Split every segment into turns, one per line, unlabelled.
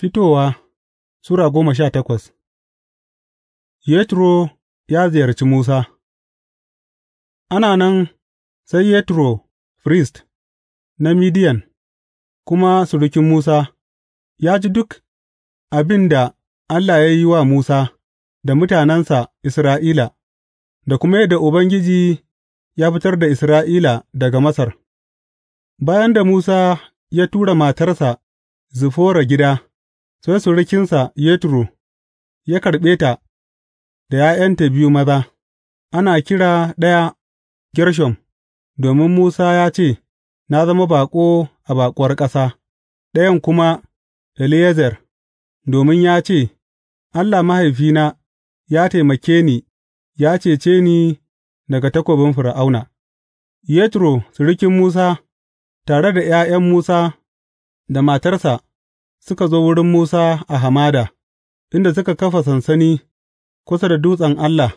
Fitowa Sura goma sha takwas Yetro ya ziyarci Musa Ana nan sai Yetro, firist na Midiyan, kuma surukin Musa, ya ji duk abin da Allah ya yi wa Musa da mutanensa Isra'ila, da kuma yadda Ubangiji ya fitar da Isra'ila daga Masar. Bayan da Musa ya tura matarsa Zifora gida, Sai surukinsa Yetro ya karɓe ta da ’ya'yanta biyu maza, ana kira ɗaya Gershom, domin Musa ya ce, Na zama baƙo a baƙuwar ƙasa, ɗayan kuma Eliyezer, domin ya ce, Allah mahaifina ya taimake ni ya cece ni daga takobin Fir'auna. Yetro, surukin Musa, tare da ’ya'yan Musa da matarsa. suka zo wurin Musa a hamada, inda suka kafa sansani kusa da dutsen Allah,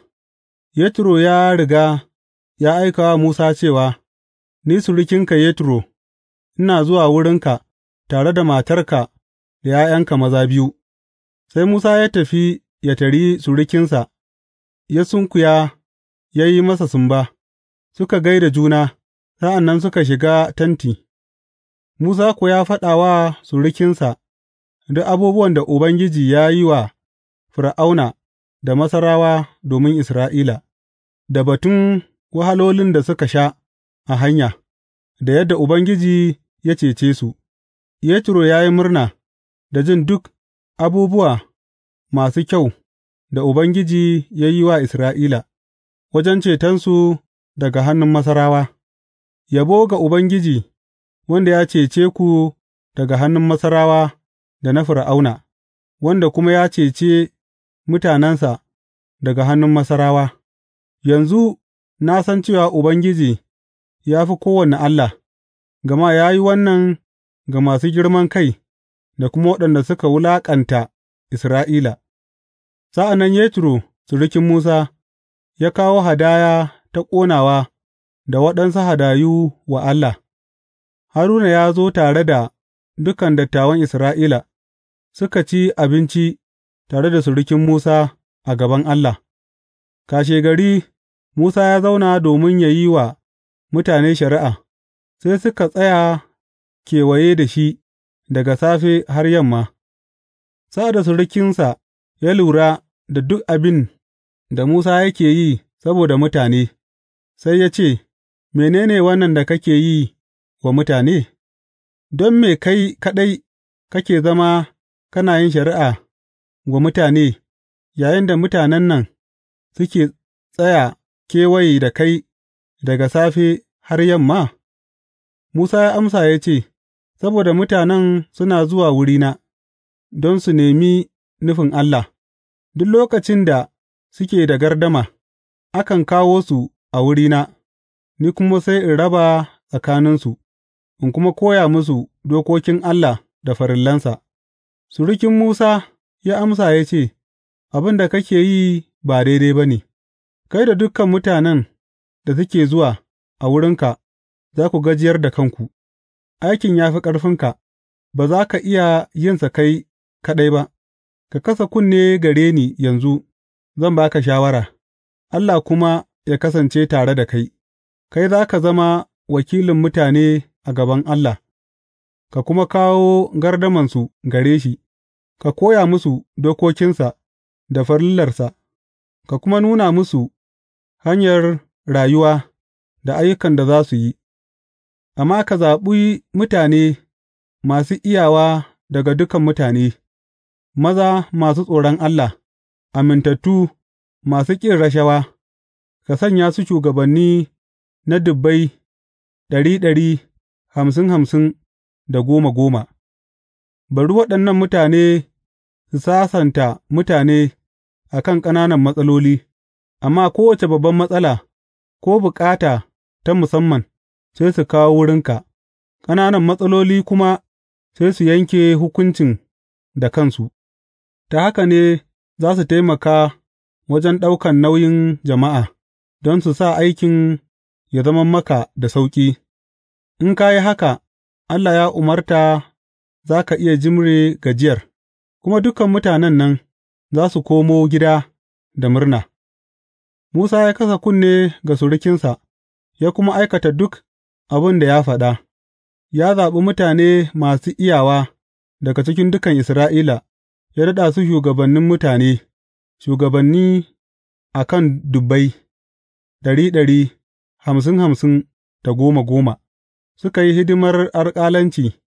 Yetro ya riga ya aika wa Musa cewa, Ni surukinka Yetro, ina zuwa wurinka tare da matarka da ’ya'yanka maza biyu, sai Musa ya tafi ya tari surukinsa, ya sunkuya ya yi masa sumba, suka gaida juna, sa'an nan suka shiga tenti, Musa ku ya faɗa wa surukinsa duk abubuwan da Ubangiji ya yi wa Fir'auna da Masarawa domin Isra'ila, da batun wahalolin da suka sha a hanya, da yadda Ubangiji ya cece su, Yetro ya yi murna da jin duk abubuwa masu kyau da Ubangiji ya yi wa Isra'ila, wajen cetonsu daga hannun Masarawa, yabo ga Ubangiji wanda ya cece ku daga hannun Masarawa. da na Fir'auna, wanda kuma ya cece mutanensa daga hannun Masarawa, yanzu na san cewa Ubangiji ya fi kowane Allah, gama ya yi wannan ga masu girman kai da kuma waɗanda suka wulaƙanta Isra'ila. Sa'an nan Yetro, surukin Musa, ya kawo hadaya ta ƙonawa da waɗansu hadayu wa Allah, Haruna ya zo tare da dukan dattawan Isra'ila. Suka ci abinci tare da surukin Musa a gaban Allah Kashegari, Musa ya zauna domin ya yi wa mutane shari'a, sai suka tsaya kewaye da shi daga safe har yamma, sa'ad da surukinsa ya lura da duk abin da Musa yake yi saboda mutane, sai ya ce, Menene wannan da kake yi wa mutane? Don me kai kaɗai kake zama kana yin shari'a wa mutane, yayinda mutanen nan suke tsaya kewaye da kai daga safe har yamma? Musa ya amsa ya ce, Saboda mutanen suna zuwa wurina, don su nemi nufin Allah, duk lokacin da suke da gardama, akan kawo su a wurina, ni kuma sai in raba tsakaninsu, in kuma koya musu dokokin Allah da farillansa. Surukin Musa ya amsa ya ce, Abin da kake yi ba daidai ba ne, kai da dukan mutanen da suke zuwa a wurinka za ku gajiyar da kanku, aikin ya fi ƙarfinka, ba za ka iya yinsa kai kaɗai ba, ka kasa kunne gare ni yanzu, zan ba ka shawara, Allah kuma ya kasance tare da kai, kai za ka zama wakilin mutane a gaban Allah, ka kuma kawo gardamansu gare shi. Ka koya musu dokokinsa da farillarsa, ka kuma nuna musu hanyar rayuwa da ayyukan da za su yi, amma ka zaɓi mutane masu iyawa daga dukan mutane, maza masu tsoron Allah, amintattu, masu ƙin rashawa, ka sanya su shugabanni na dubbai, ɗari ɗari, hamsin hamsin da goma goma, Bari waɗannan mutane Su sasanta mutane a kan ƙananan matsaloli, amma kowace babban matsala ko bukata ta musamman, sai su kawo wurinka, ƙananan matsaloli kuma sai su yanke hukuncin da kansu, ta haka ne za su taimaka wajen ɗaukan nauyin jama'a, don su sa aikin ya zama maka da sauƙi, in ka yi haka, Allah ya umarta za ka iya jimre gajiyar. kuma dukan mutanen nan za su komo gida da murna. Musa ya kasa kunne ga surukinsa, ya kuma aikata duk abin da ya faɗa, ya zaɓi mutane masu iyawa daga cikin dukan Isra'ila, ya daɗa su shugabannin mutane, shugabanni a kan dubbai, ɗari ɗari, hamsin hamsin da goma goma, suka yi hidimar alƙalanci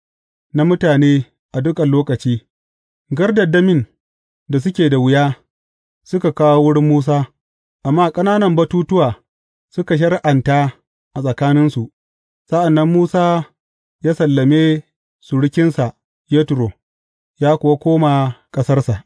na mutane a dukan lokaci. Gardandamin da suke da wuya, suka kawo wurin Musa, amma ƙananan batutuwa suka shari'anta a tsakaninsu, sa'an nan Musa ya sallame surukinsa Yetro, ya kuwa koma ƙasarsa.